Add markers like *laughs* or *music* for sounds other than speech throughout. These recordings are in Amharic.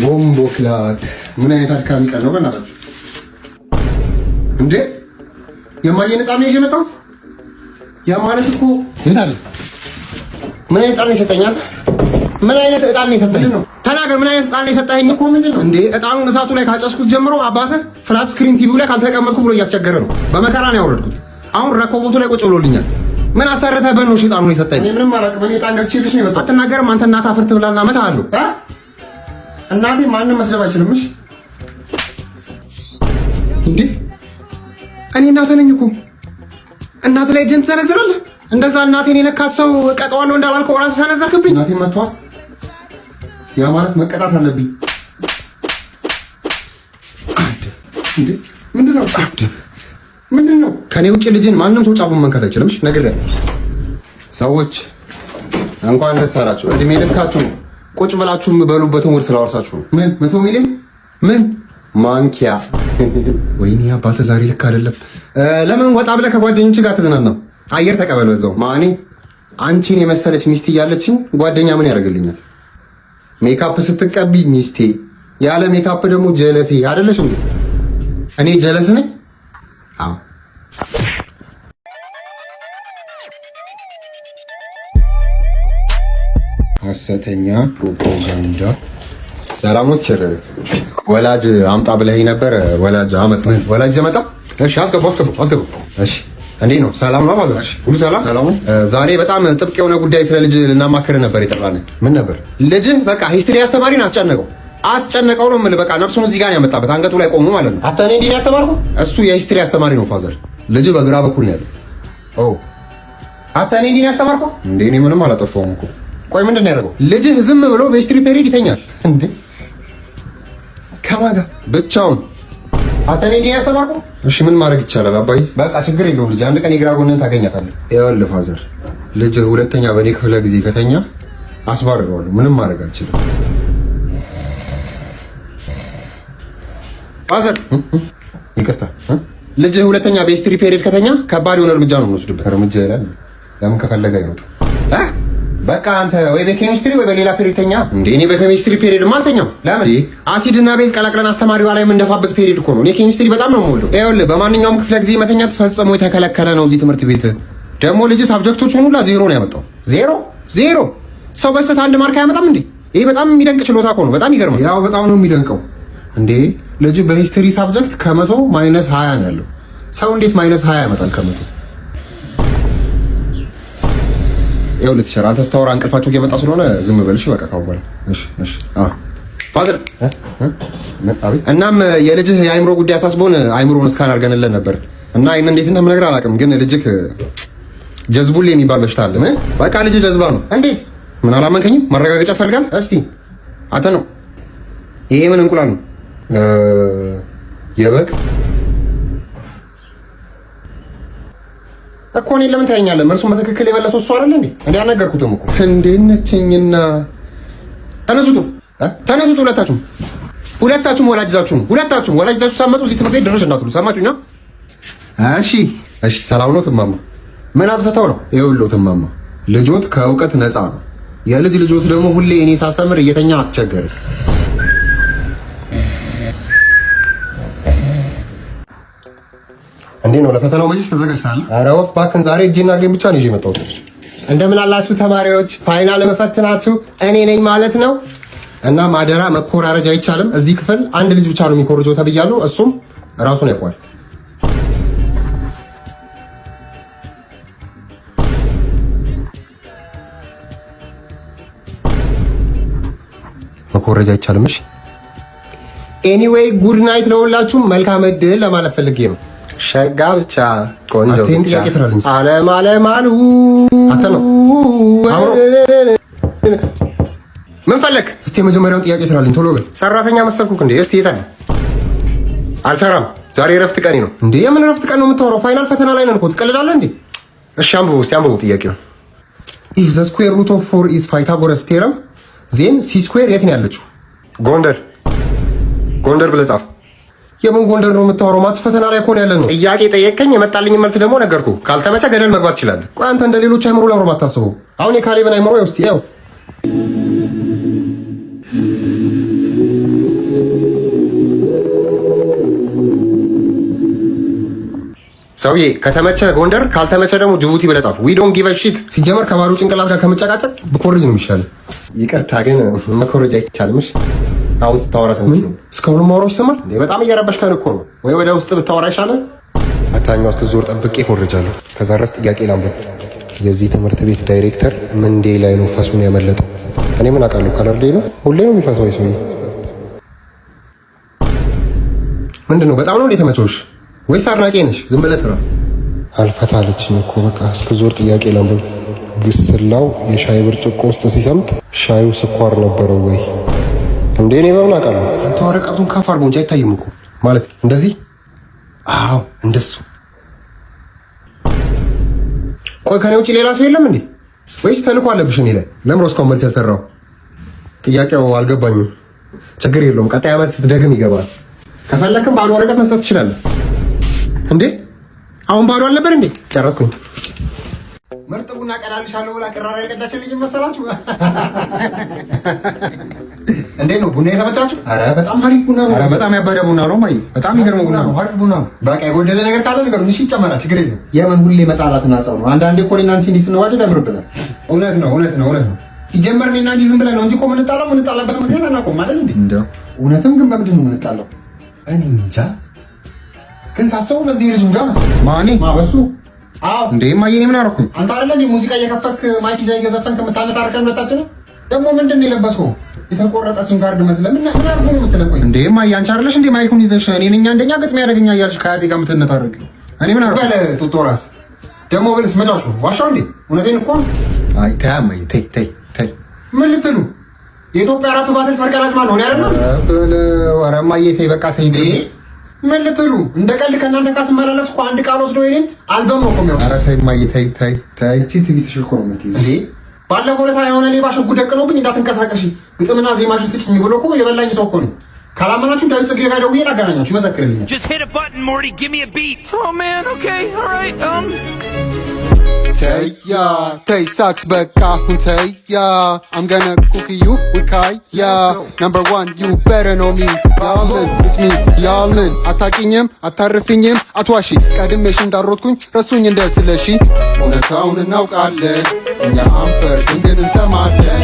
ቦምቦ ክላክ ምን አይነት አድካሚ ቀን ነው በእናታችሁ እንዴ! የማየ ነጣ ነው የመጣው። ያ ማለት እኮ ምን አይነት እጣን ነው የሰጠኛል? ምን አይነት እጣን ነው የሰጠኝ? ተናገር። ምን አይነት እጣን ነው የሰጠኝ እኮ ምንድን ነው እንዴ? እጣኑን እሳቱ ላይ ካጨስኩት ጀምሮ አባተ ፍላት ስክሪን ቲቪው ላይ ካልተቀመጥኩ ብሎ እያስቸገረ ነው። በመከራ ነው ያወረድኩት። አሁን ረኮቦቱ ላይ ቁጭ ብሎልኛል። ምን አሰርተህ በኖ እጣኑን የሰጠኝ? ምንም አላውቅም። እኔ እጣን ገዝቼልሽ ነው የመጣሁት። አትናገርም አንተ። እናትህ አፍርት ብላና መታ አለው እናቴ ማንም መስደብ አይችልም። እሺ እንዴ እኔ እናቴ ነኝ እኮ እናቴ ላይ እጅን ትሰነዝራለህ? እንደዛ እናቴን የነካት ሰው ቀጠዋለሁ እንዳላልከው ራስህ ሰነዘርክብኝ። እናቴ መጥቷል። ያ ማለት መቀጣት አለብኝ። እንዴ ምንድን ነው ምንድን ነው? ከኔ ውጭ ልጅን ማንም ሰው ጫፉን መንካት አይችልም። እሺ ነገር ሰዎች እንኳን ደስ አላችሁ። እድሜ ልካችሁ ነው ቁጭ ብላችሁ የምበሉበትን ውድ ስላወርሳችሁ ነው። ምን መቶ ሚሊዮን ምን ማንኪያ። ወይኔ አባተ ዛሬ ልክ አይደለም። ለምን ወጣ ብለህ ከጓደኞች ጋር ተዝናናው? አየር ተቀበል በዛው። ማኔ አንቺን የመሰለች ሚስቴ እያለችኝ ጓደኛ ምን ያደርግልኛል? ሜካፕ ስትቀቢ ሚስቴ፣ ያለ ሜካፕ ደግሞ ጀለሴ አይደለሽ እንዴ? እኔ ጀለስ ነኝ? አዎ ሐሰተኛ ፕሮፓጋንዳ። ሰላሞች ወላጅ አምጣ ብለህ ነበር። ወላጅ አመጣ። ወላጅ ዘመጣ። እሺ፣ አስገቡ፣ አስገቡ፣ አስገቡ። እሺ፣ እንዴት ነው? ሰላም ነው? ባዛ ሁሉ ሰላም፣ ሰላም። ዛሬ በጣም ጥብቅ የሆነ ጉዳይ ስለ ልጅ ልናማክር ነበር የጠራን። ምን ነበር? ልጅ በቃ ሂስትሪ አስተማሪን አስጨነቀው አስጨነቀው ነው የምልህ። በቃ ነፍሱን እዚህ ጋር ነው ያመጣበት፣ አንገቱ ላይ ቆሙ ማለት ነው። አታኔ እንዲህ ያስተማርኩ እሱ የሂስትሪ አስተማሪ ነው ፋዘር። ልጅ በግራ በኩል ነው ያለው። ኦ አታኔ እንዲህ ያስተማርኩ እንዴ? እኔ ምንም አላጠፋሁም እኮ ቆይ ምንድን ነው ያደረገው? ልጅህ ዝም ብሎ በስትሪ ፔሪድ ይተኛል እንዴ? ከማን ጋር? ብቻውን። አንተ እኔ ያሰማኩ። እሺ ምን ማድረግ ይቻላል አባዬ? በቃ ችግር የለውም ልጅ አንድ ቀን የግራ ጎንህን ታገኛታለህ። ይኸውልህ ፋዘር፣ ልጅህ ሁለተኛ በእኔ ክፍለ ጊዜ ከተኛ አስባርረዋለሁ። ምንም ማድረግ አልችልም። ፋዘር ይቅርታ፣ ልጅህ ሁለተኛ በስትሪ ፔሪድ ከተኛ ከባድ የሆነ እርምጃ ነው የምንወስድበት። እርምጃ ይላል ለምን ከፈለገ አይወጡ በቃ አንተ ወይ በኬሚስትሪ ወይ በሌላ ፔሪድ ተኛ። እንዴ እኔ በኬሚስትሪ ፔሪድ ማልተኛው ለምን? አሲድ እና ቤዝ ቀላቅለን አስተማሪዋ ላይ የምንደፋበት ፔሪድ እኮ ነው። እኔ ኬሚስትሪ በጣም ነው የምወደው። ይኸውልህ በማንኛውም ክፍለ ጊዜ መተኛት ፈጽሞ የተከለከለ ነው እዚህ ትምህርት ቤት። ደግሞ ልጅ ሳብጀክቶች ሁሉ ዜሮ ነው ያመጣው። ዜሮ ዜሮ። ሰው በስተት አንድ ማርክ አያመጣም እንዴ? ይሄ በጣም የሚደንቅ ችሎታ እኮ ነው። በጣም ይገርማል። ያው በጣም ነው የሚደንቀው። እንዴ ልጁ በሂስትሪ ሳብጀክት ከመቶ ማይነስ 20 ነው ያለው። ሰው እንዴት ማይነስ 20 ያመጣል ከመቶ ያው ልትሸር አንተ ስታወራ እንቅልፋቸው እየመጣ ስለሆነ ዝም በልሽ በቃ ካው እሺ ፋዘር እናም የልጅህ የአይምሮ ጉዳይ አሳስቦን አይምሮን እስካን አድርገንለን ነበር እና ይሄን እንዴት እንደምነግርህ አላውቅም፣ ግን ልጅህ ጀዝቡል የሚባል በሽታ አለ። በቃ ልጅ ጀዝባ ነው። እንዴት ምን አላመንከኝም? ማረጋገጫ ፈልጋል። እስቲ አንተ ነው ይሄ ምን እንቁላል ነው የበግ እኮ እኔ ለምን ታየኛለህ? እርሱን በትክክል የበለሰው እሱ አይደል እንዴ? እንዴ አልነገርኩትም እኮ እንዴት ነችኝና። ተነሱቱ ተነሱቱ፣ ሁለታችሁም ሁለታችሁም ወላጅ ይዛችሁ ነው። ሁለታችሁም ወላጅ ይዛችሁ ሳትመጡ እዚህ ትምህርት ቤት ድረሽ እንዳትሉ። ሰማችሁኛ? እሺ፣ እሺ። ሰላም ነው ትማማ? ምን አጥፍተው ነው? ይኸውልህ ትማማ፣ ልጆት ከእውቀት ነፃ ነው። የልጅ ልጆት ደግሞ ሁሌ እኔ ሳስተምር እየተኛ አስቸገረ እንዴ ነው ለፈተናው መቼስ ተዘጋጅታል? ኧረ ወፍ እባክህን ዛሬ እጄና እግሬን ብቻ ነው ይዤ መጣሁት። እንደምን አላችሁ ተማሪዎች? ፋይናል መፈትናችሁ እኔ ነኝ ማለት ነው። እና ማደራ መኮራረጅ አይቻልም። እዚህ ክፍል አንድ ልጅ ብቻ ነው የሚኮርጀው ተብያለሁ። እሱም ራሱን ያውቀዋል። መኮረጅ አይቻልም። እሺ ኤኒዌይ ጉድ ናይት ለሁላችሁም መልካም እድል ለማለት ፈልጌ ነው። ሸጋ ብቻ ቆንጆ አለም አለም አሉ ምን ፈለግ? እስቲ የመጀመሪያውን ጥያቄ ስራልኝ ቶሎ በል። ሰራተኛ መሰልኩክ እንዴ? እስቲ የታለ? አልሰራም። ዛሬ ረፍት ቀኔ ነው እንዴ? የምን ረፍት ቀን ነው የምታወራው? ፋይናል ፈተና ላይ ነን እኮ ትቀልዳለህ እንዴ? እሺ አንብቡ እስቲ አንብቡ ጥያቄው። ኢፍ ዘ ስኩዌር ሩት ኦፍ ፎር ኢዝ ፓይታጎረስ ቴረም ዜን ሲ ስኩዌር የት ነው ያለችው? ጎንደር። ጎንደር ብለህ ጻፍ የምን ጎልደን ነው የምታወራው? ማትስ ፈተና ላይ ከሆነ ያለ ነው ጥያቄ ጠየቀኝ። የመጣልኝ መልስ ደግሞ ነገርኩ። ካልተመቸ ገደል መግባት ይችላል። ቆይ አንተ እንደ ሌሎች አይምሮ ለምሮ ባታስበው። አሁን የካሌብን አይምሮ ውስጥ ያው ሰውዬ ከተመቸ ጎንደር፣ ካልተመቸ ደግሞ ጅቡቲ ብለህ ጻፍ። ዊ ዶንት ጊቭ አ ሺት። ሲጀመር ከባዶ ጭንቅላት ጋር ከምጨቃጨቅ ብኮርጅ ነው የሚሻለው። ይቅርታ ግን መኮረጅ አይቻልምሽ። አሁን ስታወራ ሰምቼ ነው። እስካሁን ማውራው ይሰማል። በጣም እየረበሽከን እኮ ነው። ወይ ወደ ውስጥ ብታወራ አታኛው እስከ እስክትዞር ጠብቄ ኮርጃለሁ። እስከዛ ድረስ ጥያቄ ላንብብ። የዚህ ትምህርት ቤት ዳይሬክተር ምንዴ ላይ ነው ፈሱን ያመለጠው? እኔ ምን አውቃለሁ። ካለር ላይ ነው ሁሌ ነው የሚፈሰው ሰውዬ። ምንድን ነው በጣም ነው እንዴ ተመቸሽ ወይስ አድናቂ ነሽ? ዝም ብለህ ስራ አልፈታለችኝ እኮ በቃ እስከ እስክዞር ጥያቄ ላንብብ። ግስላው የሻይ ብርጭቆ ውስጥ ሲሰምጥ ሻዩ ስኳር ነበረው ወይ እንዴ እኔ በምን አውቃለሁ? አንተ ወረቀቱን ከፍ አድርጎ እንጂ አይታይም እኮ ማለት እንደዚህ። አዎ እንደሱ። ቆይ ከኔ ውጭ ሌላ ሰው የለም እንዴ? ወይስ ተልኮ አለብሽ እኔ ላይ? ለምሮ እስካሁን መልስ ያልሰራው ጥያቄው አልገባኝም። ችግር የለውም ቀጣይ ዓመት ስትደግም ይገባል። ከፈለክም ባዶ ወረቀት መስጠት ትችላለህ። እንዴ አሁን ባዶ አልነበር እንዴ? ጨረስኩኝ። ምርጥ ቡና ቀዳልሻለሁ ብላ ቅራራ የቀዳችልኝ መሰላችሁ? እንዴት ነው ቡና የተመቻችሁ? አረ በጣም አሪፍ ቡና ነው። አረ በጣም ያበደ ቡና ነው። ማይ በጣም ይገርም ቡና ነው። አሪፍ ቡና ነው። በቃ የጎደለ ነገር ካለ ነገር ምን ይጨመራል? ችግር የለም። የምን ሁሌ መጣላትና ጸብ ነው። አንዳንዴ እኮ እኔና አንቺ እንዲህ ስንዋደድ ያምርብናል። እውነት ነው፣ እውነት ነው፣ እውነት ነው። ሲጀመር እኔና አንቺ ዝም ብለን ነው እንጂ እኮ የምንጣላው የምንጣላበት ምክንያት አናውቀውም አይደል እንዴ? እንደው እውነትም ግን በምንድን ነው የምንጣላው? እኔ እንጃ። ግን ሳስበው በዚህ ልጅ ጋር መሰለኝ ማኔ ማበሱ አዎ እንዴ ማየኔ ምን አደረኩኝ? አንተ አይደለ ሙዚቃ እየከፈትክ ማይክ ይዘህ እየዘፈንክ የምታነጣርከን ሁለታችንም ደግሞ ምንድን ነው የለበስከው? የተቆረጠ ሲም ካርድ መስለ ምን ምን አርጎ ነው የምትለቆኝ? እንዴ ማይ አንቺ አይደለሽ እንዴ ማይኩን ይዘሽ እኔን እኛ አንደኛ ገጥም ያደርገኛ እያልሽ ከአያቴ ጋር የምትነታረቅ እኔ ምን አርጎ ባለ ጡጦ ራስ ደግሞ ብልስ መጫሹ ዋሻው እንዴ እውነቴን እኮ አይ ታማይ ተይ ተይ ተይ ምን ልትሉ የኢትዮጵያ ራፕ ባትል ፈርቀላጅ ማለት ሆነ አይደል? በለ ወራማ የቴ በቃ ተይ እንዴ ምን ልትሉ እንደ ቀልድ ከእናንተ ጋር ስመላለስ እኮ አንድ ቃል ወስዶ ይሄን አልበም ነው ቆሜው። ኧረ ተይ ማይ ተይ ተይ ተይ ቺት ቢትሽ እኮ ነው የምትይዘው እንዴ ባለፈው ዕለት የሆነ ሌባ ሽጉጥ ደቅኖብኝ እንዳትንቀሳቀሽ ግጥምና ዜማሽን ስጭኝ ብሎ እኮ የበላኝ ሰው እኮ ነው። ካላመናችሁ ዳዊት ጌጋ ጋር ደውዬ ላገናኛችሁ፣ ይመሰክርልኛል። ተያ ተይ ሳክስ በቃ አሁን ተያ አም ገነ ኩክ ዩ ውካያ ነምበር ዋን ዩ በረ ኖ ሚ ያልምን ስሚ ያልምን አታቂኝም አታርፍኝም አትዋሺ ቀድሜሽ እንዳሮጥኩኝ ረሱኝ እንደ ስለሺ እውነታውን እናውቃለን እኛ አንፈርድም ግን እንሰማለን።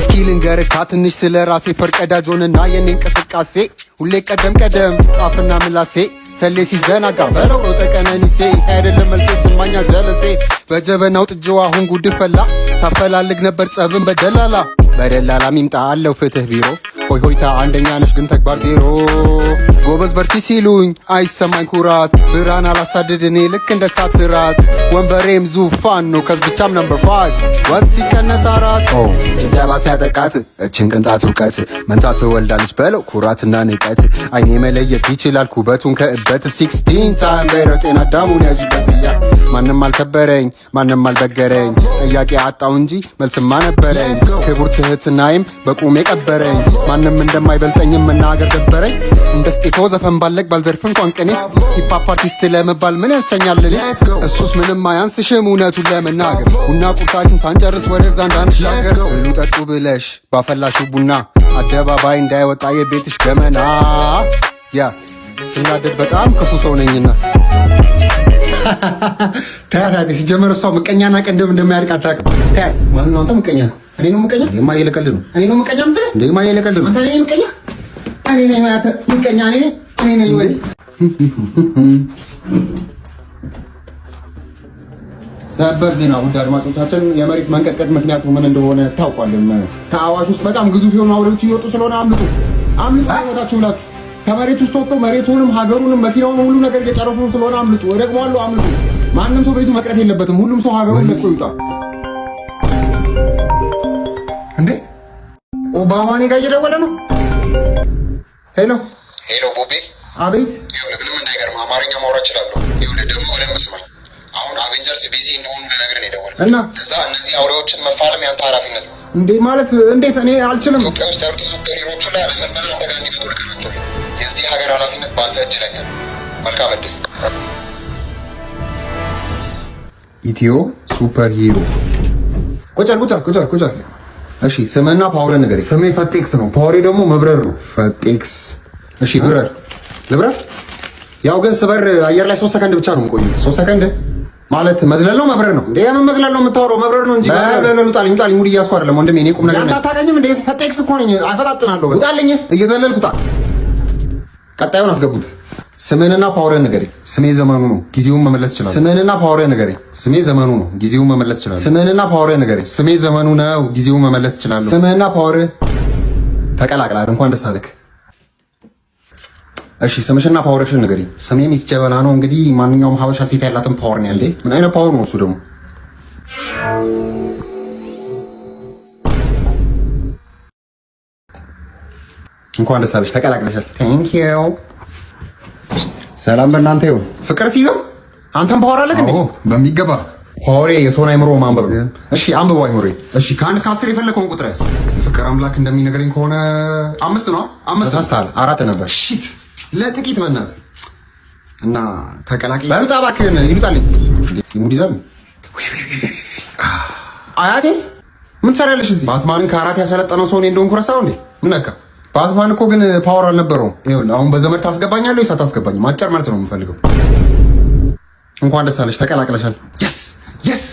እስኪ ልንገርካ ትንሽ ስለ ራሴ ፈርቀዳጅ ሆንና የኔ እንቅስቃሴ ሁሌ ቀደም ቀደም ጣፍና ምላሴ ሰሌ ሲዘናጋ በለው ሮጠ ቀነኒሴ አይደለም መልክ ያስፈራኛል ጀለሴ በጀበናው ጥጅዋ አሁን ጉድ ፈላ። ሳፈላልግ ነበር ጸብን በደላላ በደላላ ሚምጣ አለው ፍትህ ቢሮ ሆይ ሆይታ አንደኛ ነሽ ግን ተግባር ዜሮ። ጎበዝ በርቲ ሲሉኝ አይሰማኝ ኩራት ብራን አላሳድድ እኔ ልክ እንደ ሳት ስራት ወንበሬም ዙፋን ነው ከዝ ብቻም ነምበር ፋይ ወጥ ሲቀነስ አራት ጭብጨባ ሲያጠቃት እችን ቅንጣት እውቀት መንታት ትወልዳለች በለው ኩራትና ንቀት አይኔ መለየት ይችላል ኩበቱን ከእበት ሲክስቲን ታይም በይረው ጤና ዳሙን ያዥበት እያ ማንም አልከበረኝ፣ ማንም አልበገረኝ። ጥያቄ አጣው እንጂ መልስማ ነበረኝ። ክቡር ትህትናይም በቁሜ ቀበረኝ። ማንም እንደማይበልጠኝም መናገር ደበረኝ። እንደ ስጢፎ ዘፈን ባለቅ ባልዘርፍ እንኳን ሂፓፕ አርቲስት ለመባል ምን ያንሰኛል? እሱስ ምንም አያንስሽም እውነቱን ለመናገር ቡና ቁርሳችን ሳንጨርስ ወደዛ እንዳንሻገር እሉ ጠጡ ብለሽ ባፈላሹ ቡና አደባባይ እንዳይወጣ የቤትሽ ገመና ያ ስናደድ በጣም ክፉ ሰው ነኝና ታያታለህ። *laughs* ሲጀመር እሷ ምቀኛና ቅንድም እንደሚያድቅ አታውቅም። ታያት ሰበር ዜና ውድ አድማጮቻችን፣ የመሬት መንቀጥቀጥ ምክንያቱ ምን እንደሆነ ታውቋልም። ከአዋሽ ውስጥ በጣም ግዙፍ የሆኑ አውሬዎች እየወጡ ስለሆነ አምልጡ፣ አምልጡ ህይወታችሁ ብላችሁ ከመሬት ውስጥ ወጥተው መሬቱንም ሀገሩንም መኪናውን ሁሉ ነገር እየጨረሱ ስለሆነ አምልጡ፣ እደግመዋለሁ፣ አምልጡ። ማንም ሰው ቤቱ መቅረት የለበትም። ሁሉም ሰው ሀገሩን ለቆ ይውጣ። እንዴ ኦባማ እኔ ጋር እየደወለ ነው። ሄሎ ሄሎ፣ ቦቤ። አቤት። ይኸውልህ ምንም አማርኛ ማውራት እችላለሁ። ይኸውልህ ደግሞ በደንብ ስማኝ። አሁን አቬንጀርስ ቢዚ እንደሆኑ ልነግርህ ነው የደወልኩት እና እዛ እነዚህ አውሬዎችን መፋለም ያንተ ኃላፊነት ነው። እንዴ ማለት እንዴት? እኔ አልችልም። ኢትዮጵያ ውስጥ ያሉት ሱፐርሂሮቹ ላይ አለመበላ ተጋር እንዲፈወርቅ የሀገር ኃላፊነት በአንተ እጅ ላይ ነው። መልካም እድል። ኢትዮ ሱፐር ሂሮ ቁጫል ቁጫል ቁጫል ቁጫል። እሺ ስምና ፓወር ነገር ስሜ ፈቴክስ ነው። ፓወሬ ደግሞ መብረር ነው። ፈቴክስ። እሺ ብረር ልብረር። ያው ግን ስበር አየር ላይ ሶስት ሰከንድ ብቻ ነው ቆይ። ሶስት ሰከንድ ማለት መዝለል ነው መብረር ነው እንዴ? ያምን መዝለል ነው የምታወራው፣ መብረር ነው እንጂ ጣልኝ ጣልኝ። ሙድ እያስኩ አይደለም ወንድሜ፣ እኔ ቁም ነገር አታውቅኝም እንዴ? ፈቴክስ እኮ ነኝ። አፈጣጥናለሁ። ጣልኝ፣ እየዘለልኩ ጣል ቀጣዩን አስገቡት። ስምህንና ፓወርህን ንገረኝ። ስሜ ዘመኑ ነው፣ ጊዜውን መመለስ ይችላል። ስምህንና ፓወርህን ንገረኝ። ስሜ ዘመኑ ነው፣ ጊዜውን መመለስ ይችላል። ስምህንና ፓወርህን ንገረኝ። ስሜ ዘመኑ ነው፣ ጊዜውን መመለስ ይችላል። ስምህንና ፓወርህ ተቀላቅላል። እንኳን ደስ አለህ። እሺ ስምሽና ፓወርሽን ንገረኝ። ስሜ ሚስ ጀበና ነው። እንግዲህ ማንኛውም ሀበሻ ሴት ያላትን ፓወር ነው ያለኝ። ምን አይነት ፓወር ነው እሱ ደግሞ? እንኳን ደስ አለሽ ተቀላቅለሻል። ቴንክ ዩ ሰላም በእናንተ ይሁን። ፍቅር ሲይዘው አንተም ፓወር አለህ እንዴ? በሚገባ ሆሬ የሰውን አይምሮ ማንበብ። እሺ አንብቦ አይምሮ። እሺ ከአንድ እስከ አስር የፈለከውን ቁጥር ያዝ። ፍቅር አምላክ እንደሚነገረኝ ከሆነ አምስት ነው። አምስት ተሳስተሃል። አራት ነበር። ሺት ለጥቂት በእናትህ እና ተቀላቅ በምጣ እባክህን ይሉጣልኝ ሙዲዛም አያቴ ምን ትሰሪያለሽ እዚህ? ባትማንን ከአራት ያሰለጠነው ሰው እኔ እንደሆንኩ ረሳኸው እንዴ? ምን ነካ ባትማን እኮ ግን ፓወር አልነበረውም። ይሁን አሁን በዘመድ ታስገባኛለሁ ወይስ አታስገባኝም? አጭር መልስ ነው የምፈልገው። እንኳን ደስ አለሽ ተቀላቅለሻል። የስ የስ